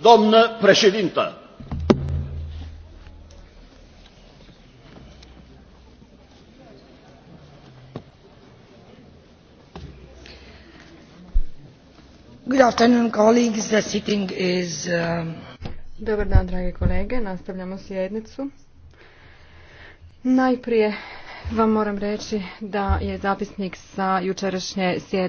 Doamnă președintă! Good afternoon, colleagues. The sitting is... Um, Dobar dan, drage kolege. Nastavljamo sjednicu. Najprije vam moram reći da je zapisnik sa jučerašnje sjednice